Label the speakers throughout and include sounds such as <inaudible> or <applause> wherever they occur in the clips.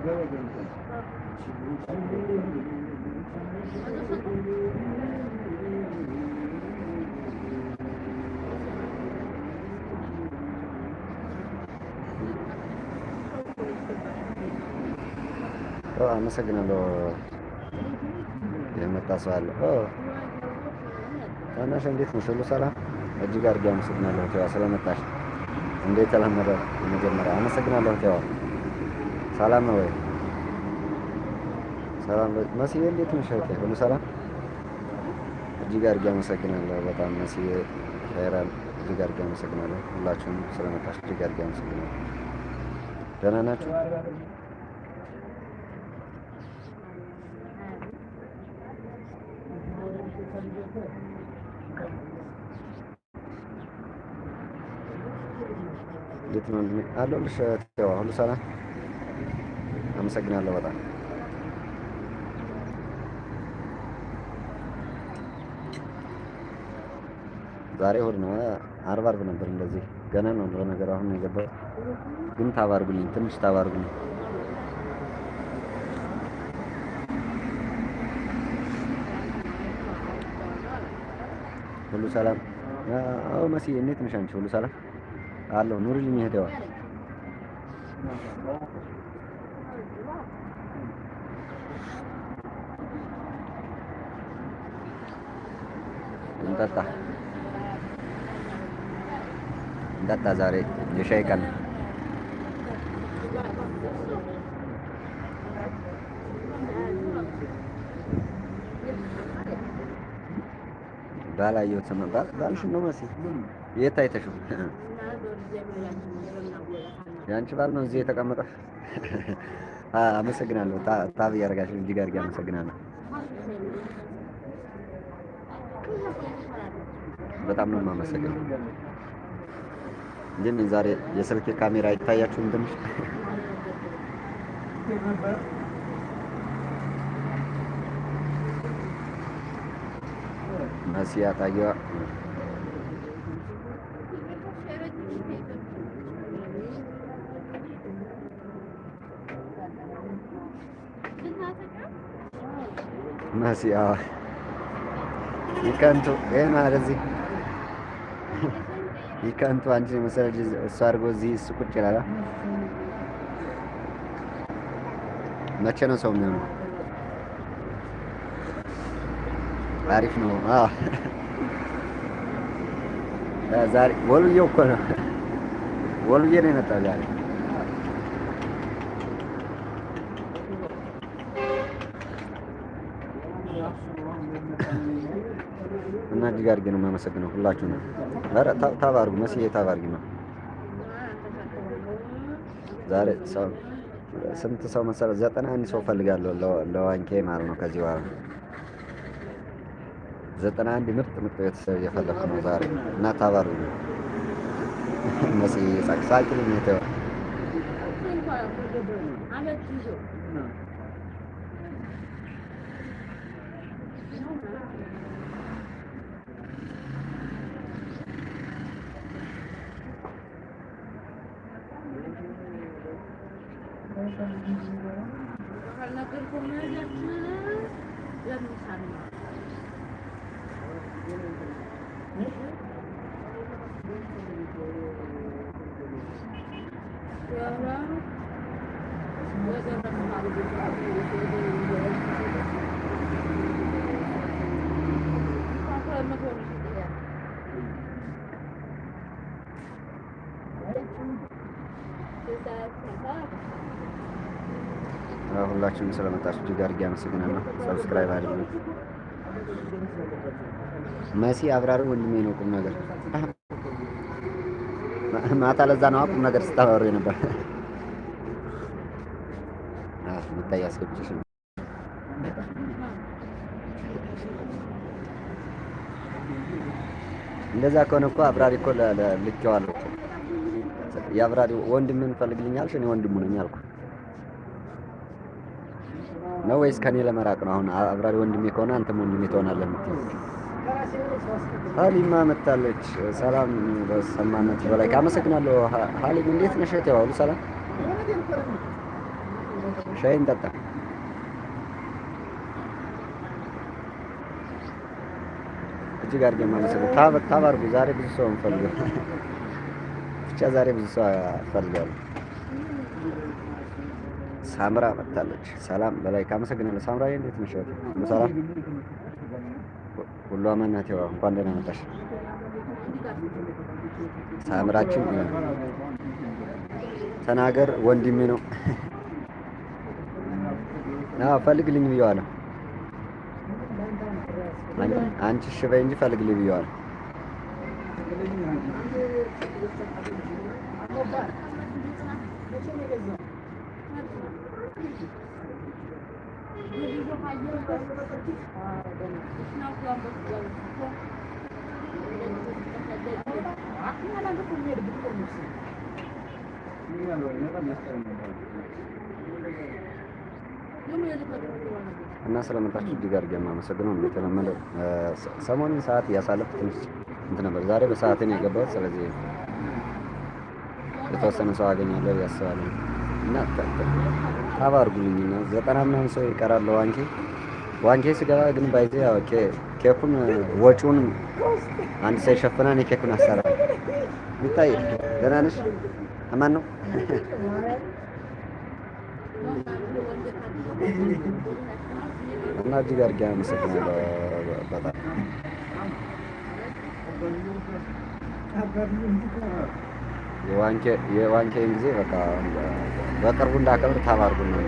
Speaker 1: አመሰግናለሁ።
Speaker 2: የመጣ ሰው አለ። ታናሽ እንዴት ነው? ሁሉ ሰላም? እጅግ አድርጌ አመሰግናለሁ ስለመጣሽ። እንዴት ተላመደ? መጀመሪያ አመሰግናለሁ። ሰላም ነው ወይ? ሰላም መስዬ፣ እንዴት ነው እህቴ ሁሉ ሰላም? እጅግ አድርጌ አመሰግናለሁ። በጣም መስዬ ኸይራን፣ እጅግ አድርጌ አመሰግናለሁ። ሁላችሁም ስለመጣችሁ እጅግ አድርጌ አመሰግናለሁ። ደህና ናችሁ? እንዴት ነው? አለሁልሽ ሁሉ ሰላም አመሰግናለሁ በጣም ዛሬ እሑድ ነው። አርብ ዓርብ ነበር እንደዚህ ገና ነው ለነገሩ። አሁን ነው ግን ታባርጉልኝ፣ ትንሽ ታባርጉልኝ። ሁሉ ሰላም? አዎ መሲ፣ እንዴት ነሽ አንቺ? ሁሉ ሰላም አለው ኑሪልኝ ይሄደዋል እንጠጣ እንጠጣ። ዛሬ የሻይ ቀን ባላየሁት መባል ነው መሲ፣ የት አይተሽው? የአንቺ ባል ነው እዚህ የተቀመጠው። አመሰግናለሁ። ታብ እያደረጋችሁ እጅግ አድርጌ አመሰግናለሁ። በጣም ነው የማመሰግነው። ግን ዛሬ የስልክ ካሜራ ይታያችሁም እንደም መሲያ ታየዋ መሲያ ይቀንቱ ይህ ማለት ይህ ከንቱ አንቺን የመሰለ እሱ አድርጎ እዚህ እሱ ቁጭ ይላል። መቼ ነው ሰው የሚሆነው? አሪፍ ነው። ዛሬ ወልዬ እኮ ነው ወልዬ ነው የመጣው ዛሬ እጅግ አድርጌ ነው የማመሰግነው። ሁላችሁ ነው ታባርጉ መስዬ ታባርጊ ነው። ዛሬ ስንት ሰው መሰለ? ዘጠና አንድ ሰው ፈልጋለሁ ለዋንኬ ማለት ነው። ከዚህ በኋላ ዘጠና አንድ ምርጥ ምርጥ ቤተሰብ እየፈለኩ ነው ዛሬ እና ታባርጉ ነው መስዬ ሳቅሳቂ ነው
Speaker 1: Bakanlar koymayacaksınız. Yanlış sanmıyorum. Ne? Yavrum. Bakanlar konuşuyor ya. Güzel, güzel.
Speaker 2: ሁላችሁም ስለመጣችሁ እጅግ አድርጌ አመሰግናለሁ። ሰብስክራይብ አድርጉ። መሲ አብራሪ ወንድሜ ነው ቁም ነገር ማታ ለዛ ነው ቁም ነገር ስታወሩ ነበር። አፍ ምታይ አስገብቼሽ እንደዛ ከሆነ እኮ አብራሪ እኮ ልኬዋለሁ። የአብራሪ ወንድምን ፈልግልኛል። እኔ ወንድሙ ነኝ አልኩ። ነው ወይስ ከኔ ለመራቅ ነው? አሁን አብራሪ ወንድሜ ከሆነ አንተም ወንድሜ ትሆናለህ የምትይው ሀሊማ መታለች። ሰላም በሰማነት በላይ አመሰግናለሁ። ሀሊም እንዴት ነሽ? እህቴ ሁሉ ሰላም? ሻይ እንጠጣ። እጅግ አድርጌ የማመሰግነው ታብ ዛሬ ብዙ ሰው እንፈልጋለን። ብቻ ዛሬ ብዙ ሰው እፈልጋለሁ። ሳምራ መጥታለች። ሰላም በላይ አመሰግናለሁ። ሳምራ እንዴት ነሽ? ሰላም ሁሉ አማናት ያው እንኳን ደህና መጣሽ ሳምራችን። ተናገር ወንድሜ ነው ና ፈልግልኝ ብየዋለሁ። አንቺ እሺ በይ እንጂ ፈልግልኝ ብየዋለሁ። እና ስለመጣችሁ እጅግ አድርጌ የማመሰግነው የተለመደ ሰሞኑን ሰዓት እያሳለፍ ትንሽ እንትን ነበር። ዛሬ በሰዓት ነው የገባሁት። ስለዚህ የተወሰነ ሰው አገኛለሁ ያስባለ እና ሀብ አድርጉልኝና ዘጠና ምናምን ሰው ይቀራለሁ። ዋንኬ ዋንኬ ስገባ ግን ባይዜ ኬኩን ወጪውን አንድ ሰው ይሸፍና። እኔ ኬኩን አሰራ ሚታይ ደህና ነሽ? አማን ነው እና እጅግ አድርጌ አመሰግናለሁ በጣም የዋንኬን ጊዜ በቃ በቅርቡ እንዳከብር ታባርጉ ነው።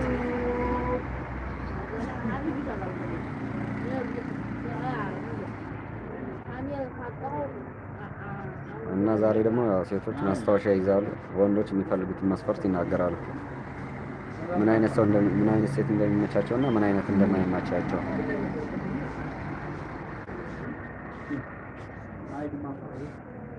Speaker 2: እና ዛሬ ደግሞ ሴቶች ማስታወሻ ይይዛሉ፣ ወንዶች የሚፈልጉትን መስፈርት ይናገራሉ። ምን አይነት ሰው ምን አይነት ሴት እንደሚመቻቸው እና ምን አይነት እንደማይመቻቸው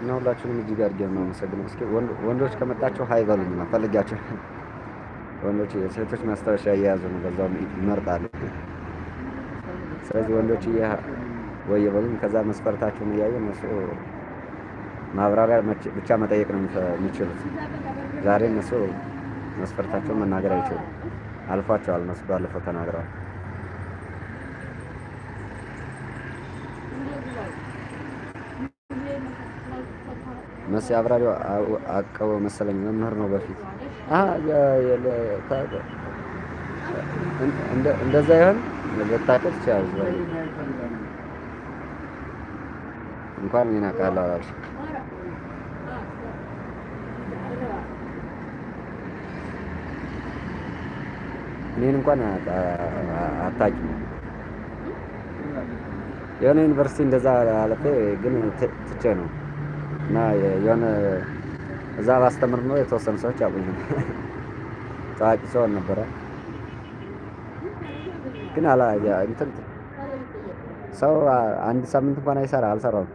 Speaker 2: እና ሁላችሁንም እጅግ አድርጌ ነው የማመሰግነው። እስኪ ወንዶች ከመጣችሁ ሀይ በሉኝ፣ ፈልጋችሁ <laughs> ወንዶች ሴቶች ማስታወሻ እየያዙ ነው፣ በዛውም ይመርጣሉ። ስለዚህ ወንዶች ወይ በሉኝ፣ ከዛ መስፈርታችሁን እያየ እነሱ ማብራሪያ ብቻ መጠየቅ ነው የሚችሉት። ዛሬ እነሱ መስፈርታቸውን መናገር አይችሉም፣ አልፏቸዋል። እነሱ ባለፈው ተናግረዋል። መስ አብራሪ አቀበ መሰለኝ መምህር ነው በፊት እንደዛ ይሆን ልታቀል ይችላል። እንኳን እኔን አውቃለሁ አላልሽም። እኔን እንኳን አታቂ የሆነ ዩኒቨርሲቲ እንደዛ አለፈ ግን ትቼ ነው እና የሆነ እዛ ባስተምር ነው የተወሰኑ ሰዎች ያቁኝ። ታዋቂ ሰው አልነበረ ግን አላ እንትን ሰው አንድ ሳምንት እንኳን አይሰራ አልሰራውም።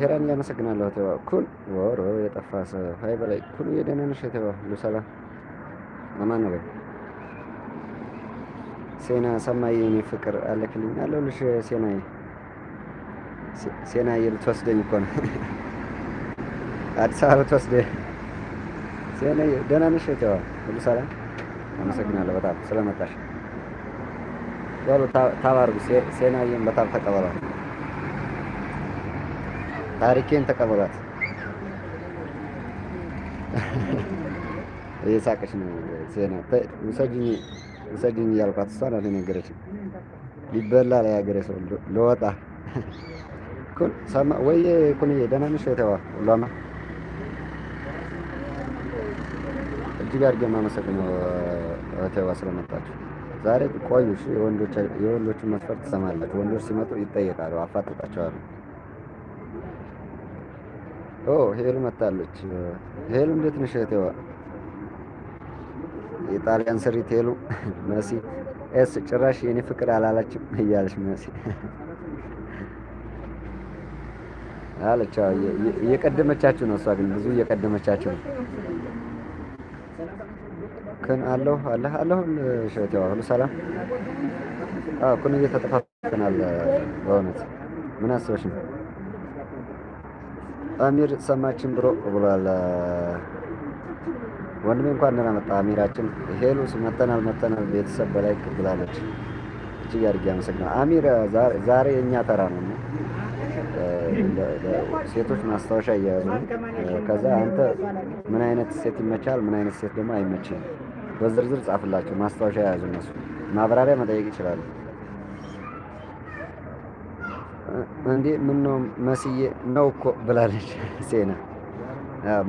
Speaker 2: ሄራን ያመሰግናለሁ። ተባ ኩል ወሮ የጠፋ ሰው ሀይ በላይ ኩል ተባ ሰላም ነው። ሴና ሰማይ የኔ ፍቅር አለክልኝ አለሁልሽ። ሴናዬ ሴናዬ ልትወስደኝ እኮ ነው አዲስ አበባ ልትወስደኝ። ሴናዬ ደህና ነሽ? ተዋ ሁሉ ሰላም? አመሰግናለሁ በጣም ስለመጣሽ። በሉ ታባርጉ። ሴናዬን በጣም ተቀበሏት። ታሪኬን ተቀበሏት። እየሳቀች ነው ሴና ውሰጅኝ ውሰድኝ እያልኳት እሷ ናት የነገረችኝ። ሊበላ ላይ ሀገሬ ሰው ለወጣ <laughs> ወይ ኩንዬ ደህና ነሽ የተዋ ሁሏማ እጅግ አድርጌ የማመሰግነው እህቴዋ ስለመጣችሁ። ዛሬ ቆዩ። የወንዶችን መስፈርት ትሰማላችሁ። ወንዶች ሲመጡ ይጠየቃሉ፣ አፋጥጣቸዋለሁ። ሄሉ መታለች። ሄሉ እንዴት ነሽ እህቴዋ? የጣሊያን ስሪቴሉ መሲ ኤስ ጭራሽ የኔ ፍቅር አላላችም እያለች መሲ አለች። እየቀደመቻችሁ ነው። እሷ ግን ብዙ እየቀደመቻችሁ ነው። ክን አለሁ አለ አለሁ ሸቴዋ ሁሉ ሰላም ኩን እየተጠፋፍተናል። በእውነት ምን አስበሽ ነው? አሚር ሰማችን ብሮ ብሏል። ወንድሜ እንኳን ደህና መጣ። አሚራችን ሄሉ መተናል መተናል ቤተሰብ በላይ ብላለች። እጅግ አድርጌ አመሰግናለሁ አሚር። ዛሬ እኛ ተራ ነው። ሴቶች ማስታወሻ እያያዙ ከዛ አንተ ምን አይነት ሴት ይመቻል፣ ምን አይነት ሴት ደግሞ አይመችም በዝርዝር ጻፍላቸው። ማስታወሻ የያዙ እነሱ ማብራሪያ መጠየቅ ይችላሉ። እንዴ ምን ነው መስዬ ነው እኮ ብላለች ሴና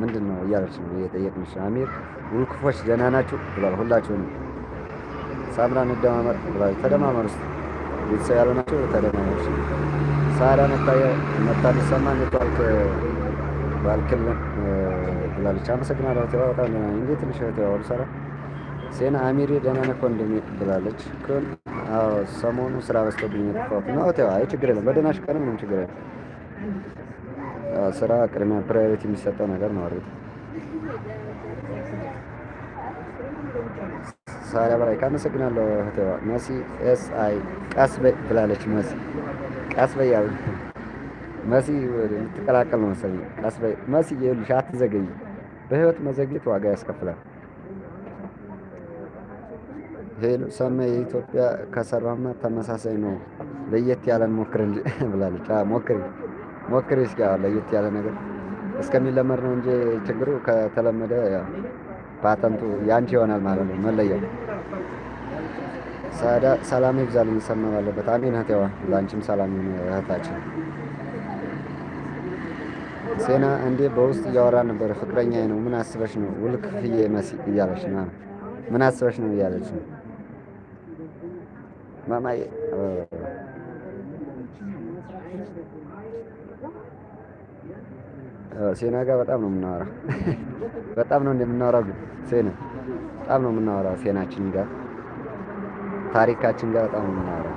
Speaker 2: ምንድን ነው እያለች ነው እየጠየቅንሽ። አሚር ሁሉ ክፎች ደህና ናችሁ ብሏል። ሁላችሁንም ሳምራ እንደማመር ብሏል። ተደማመር ውስጥ ቤተሰብ ናቸው። ተደማመር። ሳራ መታ ሊሰማ እንድትዋልክ ባልክልን ብላለች። አመሰግናለሁ። ቴባ በጣም ደህና ነኝ። እንዴት ትንሽ ተባሉ። ሳራ ሴና አሚሪ ደህና ነህ ኮንድሜ ብላለች። ግን ሰሞኑ ስራ በስተብኝ ነው። አይ ችግር የለም። በደህናሽ ቀን ምንም ችግር የለም። ስራ ቅድሚያ ፕራዮሪቲ የሚሰጠው ነገር ነው። አሪፍ ሳሪያ በላይ ካመሰግናለሁ። እህቴዋ መሲ ኤስ አይ ቀስ በይ ብላለች። መሲ ቀስ በይ ያሉ መሲ የምትቀላቀል ነው መሰለኝ። ቀስ በይ መሲ ይኸውልሽ፣ አትዘገይ። በህይወት መዘግየት ዋጋ ያስከፍላል። ሄሎ ሰማይ የኢትዮጵያ ከሰራማ ተመሳሳይ ነው። ለየት ያለን ሞክር እንጂ ብላለች። ሞክር ሞክሪ እስኪ ለየት ያለ ነገር እስከሚለመድ ነው እንጂ ችግሩ ከተለመደ ፓተንቱ ያንቺ ይሆናል ማለት ነው። ሳዳ ሰላም ይብዛል። ሰማም አለበት። አሜን እህቴዋ፣ ለአንቺም ሰላም ይሁን እህታችን። ሴና እንዴ በውስጥ እያወራ ነበር። ፍቅረኛ ነው ምን አስበሽ ነው ውል ክፍዬ መሲ እያለች ነው። ምን አስበሽ ነው እያለች ነው ማማዬ ሴና ጋር በጣም ነው የምናወራው። <laughs> በጣም ነው እንደምናወራ ግን ሴና በጣም ነው የምናወራው። ሴናችን ጋር ታሪካችን ጋር በጣም ነው የምናወራው።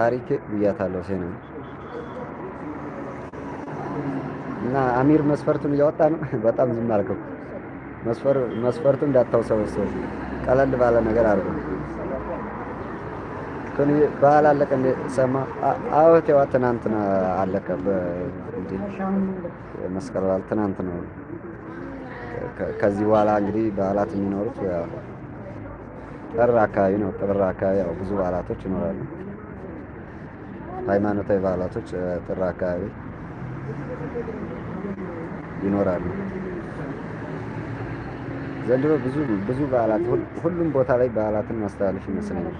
Speaker 2: ታሪክ ብያታለሁ ሴና እና አሚር መስፈርቱን እያወጣ ነው። <laughs> በጣም ዝም አልከው። መስፈር መስፈርቱ እንዳታውሰበሰብ ቀለል ባለ ነገር አድርገው ከኔ ባህል አለቀ እንደ ሰማ ያው ትናንትና አለቀ። እንዴ? መስቀል በዓል ትናንት ነው። ከዚህ በኋላ እንግዲህ በዓላት የሚኖሩት ጥር አካባቢ ነው። ጥር አካባቢ ያው ብዙ በዓላቶች ይኖራሉ። ሃይማኖታዊ በዓላቶች ጥር አካባቢ ይኖራሉ። ዘንድሮ ብዙ ብዙ በዓላት ሁሉም ቦታ ላይ በዓላትን ማስተላለፍ ይመስለኛል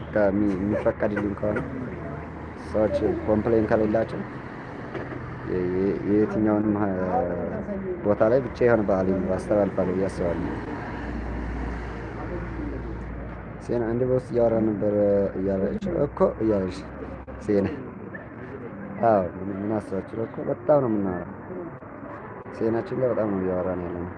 Speaker 2: የሚፈቀድልኝ ከሆነ ሰዎች ኮምፕሌን ከሌላቸው የየትኛውንም ቦታ ላይ ብቻ የሆነ በዓል አስተላልፋለሁ ብዬ አስባለሁ። ሴና አንድ በውስጥ እያወራ ነበር እያለች እኮ እያለች ሴና አዎ፣ ምን አስባችሁ እኮ በጣም ነው የምናወራው። ሴናችን ላይ በጣም ነው እያወራ ነው ያለነው።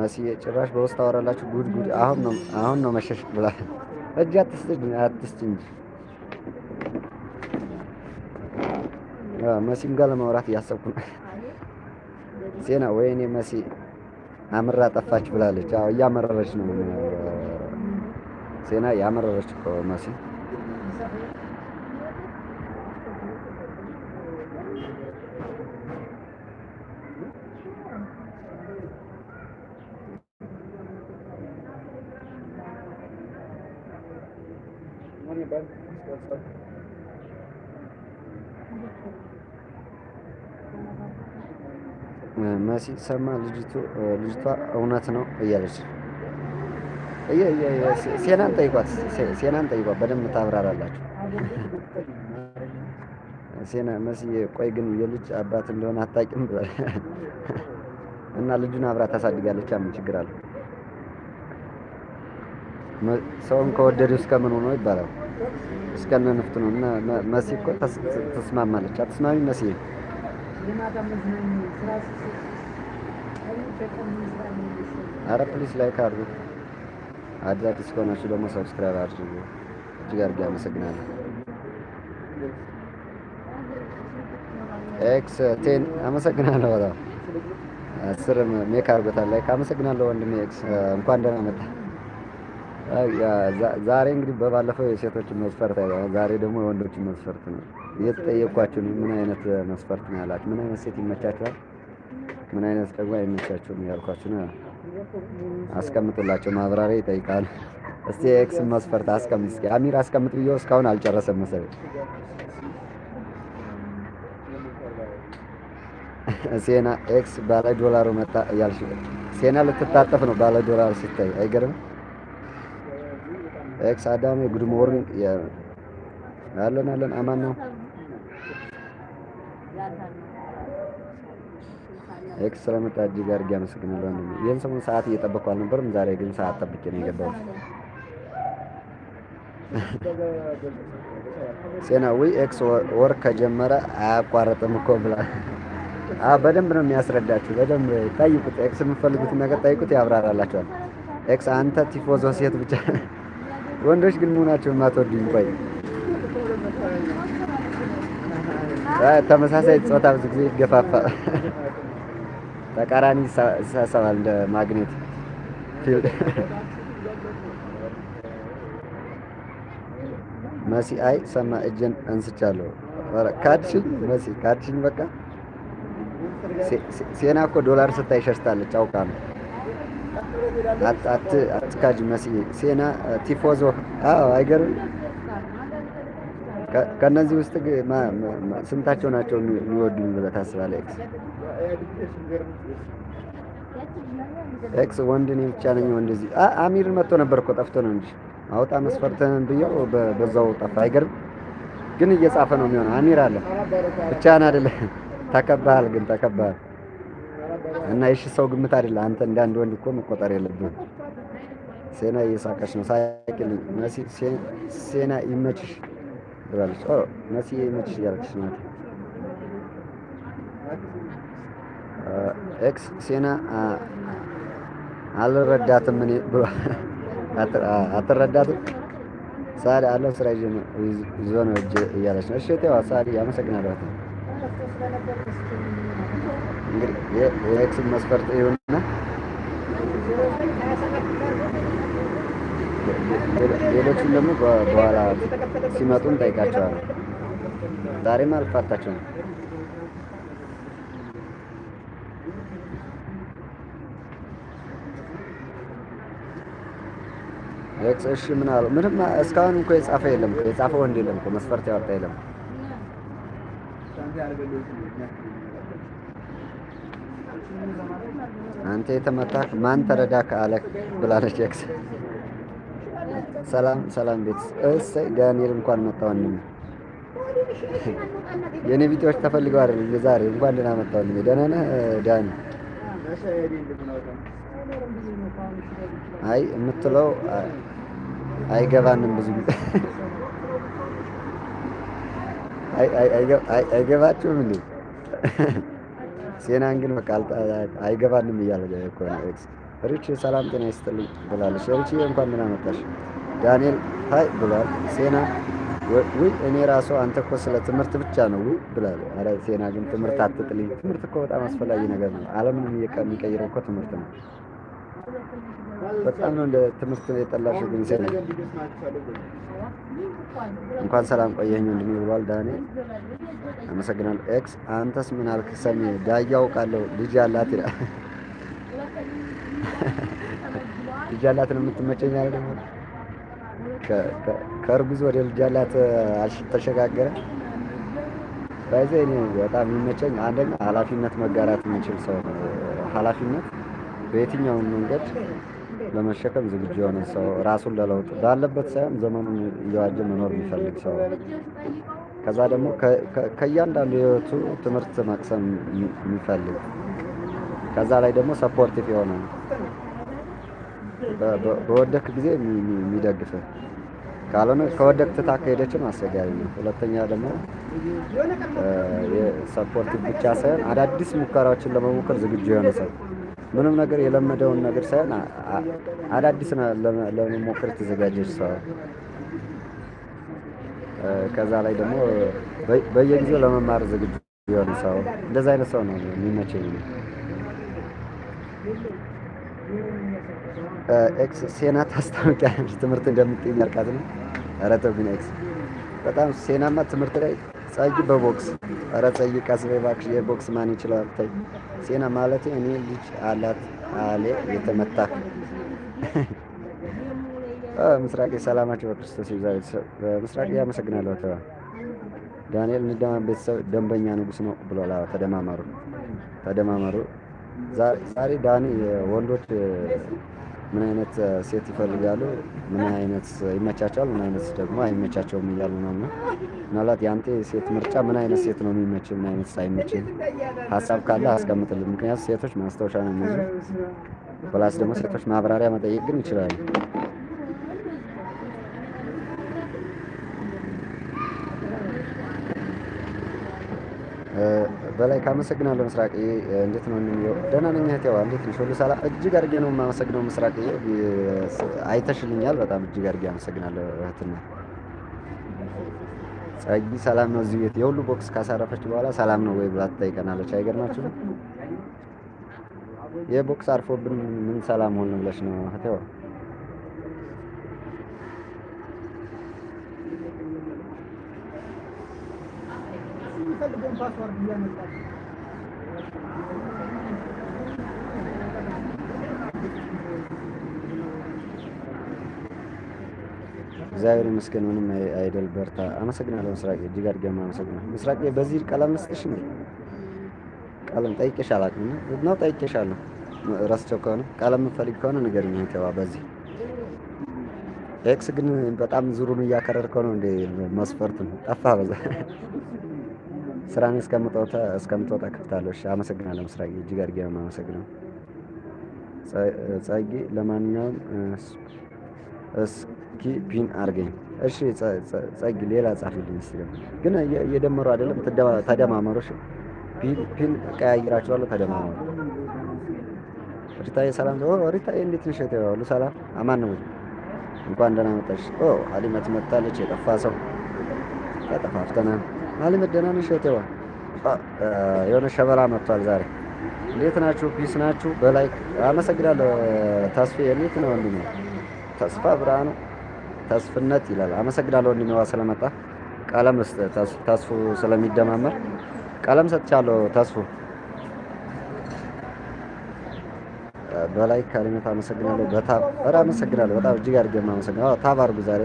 Speaker 2: መሲ ጭራሽ በውስጥ አወራላችሁ። ጉድ ጉድ! አሁን ነው መሸሽ ብላ <laughs> እጅ አትስጭ እንጂ መሲም ጋር ለማውራት እያሰብኩ ነው። ዜና <laughs> ወይኔ መሲ አምራ ጠፋች ብላለች። አዎ እያመረረች ነው ዜና ያመረረች መሲ ሰው መሲ ሰማ ልጅቷ እውነት ነው እያለች ሴናን ጠይቋት፣ ሴናን ጠይቋት በደንብ ታብራራላችሁ። ሴና መሲ ቆይ ግን የልጅ አባት እንደሆነ አታውቂም እና ልጁን አብራ ታሳድጋለች። ምን ችግር አለ? ሰውን ከወደዱ እስከምን ሆኖ ይባላል። እስከነ ንፍት ነው እና መሲ እኮ ተስማማለች። አትስማሚ መሲ አረ ፕሊስ ላይክ አድርጉ። አዲስ ከሆናችሁ ደግሞ ሰብስክራይብ አድርጉ። እጅግ አድርጌ አመሰግናለሁ።
Speaker 1: ኤክስ ቴን አመሰግናለሁ። በጣም
Speaker 2: አስር ሜክ አድርጎታል ላይክ አመሰግናለሁ ወንድሜ ኤክስ እንኳን ደህና መጣ። ዛሬ እንግዲህ በባለፈው የሴቶችን መስፈርት ዛሬ ደግሞ የወንዶችን መስፈርት ነው እየተጠየኳቸው። ምን አይነት መስፈርት ነው ያላችሁ? ምን አይነት ሴት ይመቻችኋል? ምን አይነት ደግሞ አይመቻችሁም ያልኳችሁ ነው።
Speaker 1: አስቀምጡላቸው፣
Speaker 2: ማብራሪያ ይጠይቃል። እስቲ ኤክስ መስፈርት አስቀምጥ እስኪ አሚር አስቀምጥ ብዬ እስካሁን አልጨረሰም መሰለኝ። ሴና ኤክስ ባለ ዶላሩ መጣ እያልሽ ሴና ልትታጠፍ ነው። ባለ ዶላር ሲታይ አይገርም? ኤክስ አዳሜ ጉድ ሞርኒንግ አለን አለን አማን ነው። ኤክስ ስለመጣ እጅግ አድርጌ አመሰግናለሁ። አንደኛ ይህን ሰሞን ሰዓት እየጠበኩ አልነበርም። ዛሬ ግን ሰዓት ጠብቄ ነው የገባሁት። ጤናዊ ኤክስ ወር ከጀመረ አያቋረጥም እኮ ብላ በደንብ ነው የሚያስረዳችሁ። በደንብ ጠይቁት። ኤክስ የምፈልጉትን ነገር ጠይቁት፣ ያብራራላችኋል። ኤክስ አንተ ቲፎዞ ሴት ብቻ ወንዶች ግን መሆናቸው ማትወዱ ይቆይ። ተመሳሳይ ጾታ ብዙ ጊዜ ይገፋፋ፣ ተቃራኒ ይሳሰባል እንደ ማግኔት ፊልድ። መሲ አይ ሰማ እጄን አንስቻለሁ። ካድሽኝ መሲ ካድሽኝ። በቃ ሴና እኮ ዶላር ስታይ ሸርታለች አውቃ ነው አትካጅ መሲ ሴና ቲፎዞ። አዎ አይገርም። ከእነዚህ ውስጥ ስንታቸው ናቸው የሚወዱ ብለህ ታስባለህ? ኤክስ ኤክስ ወንድ እኔ ብቻ ነኝ ወንድ። እዚህ አሚርን መጥቶ ነበር እኮ ጠፍቶ ነው እንጂ አውጣ መስፈርትህን ብየው በዛው ጠፋ። አይገርም ግን እየጻፈ ነው የሚሆነው። አሚር አለ ብቻህን አይደለህ። ተከባሃል ግን ተከባሃል። እና የሺ ሰው ግምት አይደለ። አንተ እንደ አንድ ወንድ እኮ መቆጠር የለብህም። ሴና እየሳቀች ነው። ሳቅልኝ መሲ። ሴና ይመችሽ ብላለች። ኦ መሲ ይመችሽ እያለችሽ ነው። ኤክስ ሴና አልረዳትም። እኔ አትረዳትም። ሳሪ አለ ስራ ይዞ ነው እጅ እያለች ነው። እሺ ተዋ ሳሪ፣ አመሰግናለሁ። እንግዲህ የኤክስ መስፈርት ይሁንና ሌሎችም ደግሞ በኋላ ሲመጡ እንጠይቃቸዋለን። ዛሬም ነው። ኤክስ እሺ፣ ምን አለው? ምንም እስካሁን እኮ የጻፈ የለም፣ የጻፈ ወንድ የለም፣ መስፈርት ያወጣ የለም። አንተ የተመታህ ማን ተረዳህ አለህ ብላለች። ያክስ ሰላም ሰላም፣ ቤት እሰይ፣ ዳንኤል እንኳን መጣው። የኔ ቢጤዎች ተፈልገው አይደል ዛሬ? እንኳን ደህና መጣው። ደህና ነህ ዳኒ? አይ የምትለው አይገባንም። ብዙ ጊዜ አይገባችሁም እንዴ? ሴናን ግን በቃ አይገባንም እያለ እኮ ነው። ሪች ሰላም ጤና ይስጥልኝ ብላለች። ሪች እንኳን ምን አመጣሽ? ዳንኤል ሀይ ብሏል። ሴና ውይ እኔ ራሱ አንተ እኮ ስለ ትምህርት ብቻ ነው ውይ ብላል። ኧረ ሴና ግን ትምህርት አትጥልኝ። ትምህርት እኮ በጣም አስፈላጊ ነገር ነው። አለምንም የሚቀይረው እኮ ትምህርት ነው።
Speaker 1: በጣም ነው እንደ ትምህርት ነው የጠላሽ። ግን ሴ እንኳን ሰላም
Speaker 2: ቆየኝ ወንድሜ ብሏል ዳኔ። አመሰግናለሁ። ኤክስ አንተስ ምን አልክ? ሰሜ ዳያ አውቃለሁ ልጅ አላት ይላል። ልጅ አላት ነው የምትመጨኝ አለ ደግሞ ከእርጉዝ ወደ ልጅ አላት አልተሸጋገረ ባይዘ እኔ በጣም ይመቸኝ። አንደኛ ኃላፊነት መጋራት የምንችል ሰው ኃላፊነት በየትኛውም መንገድ ለመሸከም ዝግጁ የሆነ ሰው ራሱን ለለውጥ ባለበት ሳይሆን ዘመኑን እየዋጀ መኖር የሚፈልግ ሰው ከዛ ደግሞ ከእያንዳንዱ የህይወቱ ትምህርት መቅሰም የሚፈልግ ከዛ ላይ ደግሞ ሰፖርቲቭ የሆነ በወደክ ጊዜ የሚደግፍ ካልሆነ ከወደክ ትታ ከሄደችም አስቸጋሪ ነው። ሁለተኛ ደግሞ ሰፖርቲቭ ብቻ ሳይሆን አዳዲስ ሙከራዎችን ለመሞከር ዝግጁ የሆነ ሰው ምንም ነገር የለመደውን ነገር ሳይሆን አዳዲስ ለመሞከር የተዘጋጀች ሰው፣ ከዛ ላይ ደግሞ በየጊዜው ለመማር ዝግጁ የሆነ ሰው፣ እንደዛ አይነት ሰው ነው የሚመቸኝ። ኤክስ ሴና ታስታወቂያ ትምህርት እንደምትይኝ ያልካት ነው። ኧረ ተውብኝ ኤክስ በጣም ሴናማ ትምህርት ላይ ጸይ በቦክስ ኧረ ጸይ ቀስቤ እባክሽ የቦክስ ማን ይችላል ታይ ዜና ማለት እኔ ልጅ አላት አሌ የተመታ ምስራቅ የሰላማቸው በክርስቶስ ይብዛ። ምስራቅ ያመሰግናለሁ ተ ዳንኤል እንደማ ቤተሰብ ደንበኛ ንጉስ ነው ብሏል። ተደማመሩ ተደማመሩ። ዛሬ ዳኒ ወንዶች ምን አይነት ሴት ይፈልጋሉ፣ ምን አይነት ይመቻቸዋል፣ ምን አይነት ደግሞ አይመቻቸውም እያሉ ነው። ምናልባት የአንተ ሴት ምርጫ ምን አይነት ሴት ነው የሚመች፣ ምን አይነት ሳይመች
Speaker 1: ሀሳብ ካለ አስቀምጥልን።
Speaker 2: ምክንያቱም ሴቶች ማስታወሻ ነው የሚይዙ፣
Speaker 1: ፕላስ ደግሞ ሴቶች
Speaker 2: ማብራሪያ መጠየቅ ግን ይችላሉ። በላይ ካመሰግናለሁ ምስራቅዬ፣ እንዴት ነው እንየው? ደህና ነኝ እህቴዋ፣ እንዴት ነሽ? ሁሉ ሰላም? እጅግ አድርጌ ነው የማመሰግነው ምስራቅዬ፣ አይተሽልኛል። በጣም እጅግ አድርጌ አመሰግናለሁ እህትና ጸጊ። ሰላም ነው እዚህ ቤት? የሁሉ ቦክስ ካሳረፈች በኋላ ሰላም ነው ወይ ብላ ትጠይቀናለች። አይገርማችሁ? የቦክስ አርፎብን ምን ሰላም ሆን ብለሽ ነው እህቴዋ?
Speaker 1: የምፈልገውን ፓስዋርድ እያመጣል
Speaker 2: እግዚአብሔር ይመስገን ምንም አይደል። በርታ። አመሰግናለሁ ምስራቄ፣ እጅግ አድርጌ አመሰግናለሁ ምስራቅ። በዚህ ቀለም ልስጥሽ ነው ቀለም ጠይቄሽ አላውቅም ነው ጠይቄሻለሁ። ረስቸው ከሆነ ቀለም ፈልግ ከሆነ ንገሪኝ። ይተባ በዚህ ኤክስ ግን በጣም ዙሩን እያከረርከው ነው እንዴ? ነው ጠፋ በዛ ስራን እስከምትወጣ ከፍታለች። አመሰግናለሁ ምስራቅ እጅግ አድርጌ ነው የማመሰግነው ጸጌ ለማንኛውም እስኪ ፒን አድርገኝ እሺ። ጸጌ፣ ሌላ ጻፊልኝ ስ ግን እየደመሩ አይደለም ተደማመሩ። ፒን ቀያይራችኋለሁ። ተደማመሩ። ሪታዬ ሰላም። ሪታዬ እንዴት ነሽ? ሁሉ ሰላም አማን ነው? እንኳን ደህና መጣሽ። አሊመት መጣለች። የጠፋ ሰው ተጠፋፍተናል። አለመደናነሽ እህቴዋ የሆነ ሸበላ መጥቷል ዛሬ። እንዴት ናችሁ? ፒስ ናችሁ? በላይ አመሰግናለሁ። ተስፌ እንዴት ነው ወንድሜ? ተስፋ ብርሃኑ ተስፍነት ይላል። አመሰግናለሁ ወንድሜዋ ስለመጣ ቀለም ተስፉ ስለሚደማመር ቀለም ሰጥቻለሁ። ተስፉ በላይ ካሪነት አመሰግናለሁ። በታብ አመሰግናለሁ። በጣም እጅግ አድርጌ አመሰግናለሁ። ታብ አድርጉ ዛሬ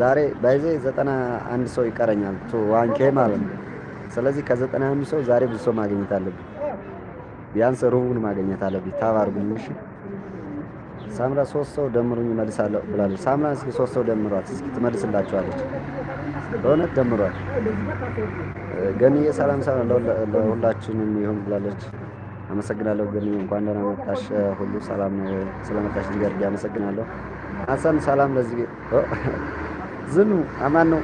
Speaker 2: ዛሬ ባይዜ ዘጠና አንድ ሰው ይቀረኛል ቱ ዋንኬ ማለት ነው። ስለዚህ ከዘጠና አንድ ሰው ዛሬ ብዙ ሰው ማግኘት አለብኝ። ቢያንስ ሩቡን ማግኘት አለብኝ። ታባርጉኝ። እሺ ሳምራ ሶስት ሰው ደምሩኝ እመልሳለሁ ብላለች። ሳምራ እስኪ ሶስት ሰው ደምሯት እስኪ ትመልስላችኋለች።
Speaker 1: በእውነት ደምሯት።
Speaker 2: ገንዬ ሰላም ሰላም ለሁላችንም ይሁን ብላለች። አመሰግናለሁ ገንዬ፣ እንኳን ደህና መጣሽ። ሁሉ ሰላም ስለመጣሽ ንገርጌ፣ አመሰግናለሁ። ሀሰን ሰላም ለዚህ ዝኑ አማን ነው።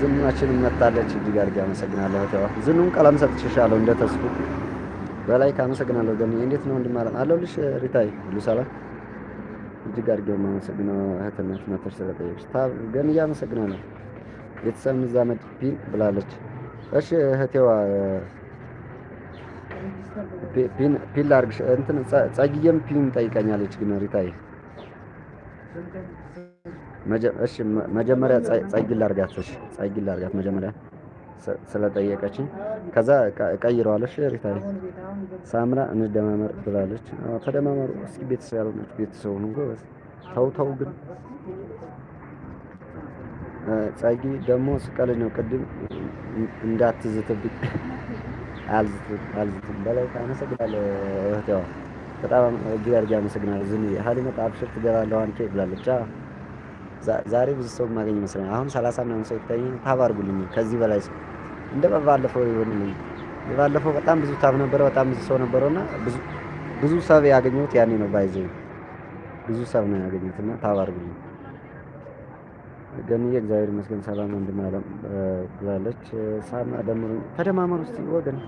Speaker 2: ዝናችንም መጣለች። እጅግ አድርጌ አመሰግናለሁ። ዝኑም ዝኑን ቀለም ሰጥቼሻለሁ እንደ ተስፉ በላይ ካመሰግናለሁ። ገኒ እንዴት ነው እንድማለም አለሁልሽ። ሪታይ ሁሉ ሰላም። እጅግ አድርጌ የማመሰግነው እህትነት መተሽ ስለጠየቅሽ ታብ ገኒ አመሰግናለሁ። ቤተሰብ ምዛመድ ቢል ብላለች። እሺ እህቴዋ ፒን ፒን ላድርግሽ። እንትን ጸግዬም ፒን ጠይቀኛለች። ግን ሪታይ እሺ መጀመሪያ ጸግል ላርጋት። እሺ ጸጊ ላርጋት መጀመሪያ ስለጠየቀችኝ፣ ከዛ ቀይረዋለች። ሪታ ሳምራ እንደማመር ብላለች። ተደማመሩ እስኪ ቤተሰብ ያልሆነች ቤተሰብ ነው። ጎበዝ። ተው ተው ግን ጸጊ ደግሞ ስቀልኝ ነው። ቅድም እንዳትዝትብኝ <laughs> አልዝትም በላይ አመሰግናለሁ። እህቴዋ በጣም እጅግ አድርጌ አመሰግናለሁ። ዝም ሀሊመጣ አብሽር ትገባለሁ አንኬ ብላለች። ዛሬ ብዙ ሰው ማገኝ ይመስለኛል። አሁን ሰላሳ ምናምን ሰው ይታየ ታብ አድርጉልኝ። ከዚህ በላይ ሰው እንደ ባለፈው ይሆንልኝ። ባለፈው በጣም ብዙ ታብ ነበረ፣ በጣም ብዙ ሰው ነበረውና ብዙ ሰብ ያገኘሁት ያኔ ነው። ባይዘ ብዙ ሰብ ነው ያገኘሁት እና ታብ አድርጉልኝ። ገንዬ እግዚአብሔር ይመስገን ሰላም ወንድም አለም ብላለች። ሳና ደምሩ ተደማመሩ እስቲ ወገን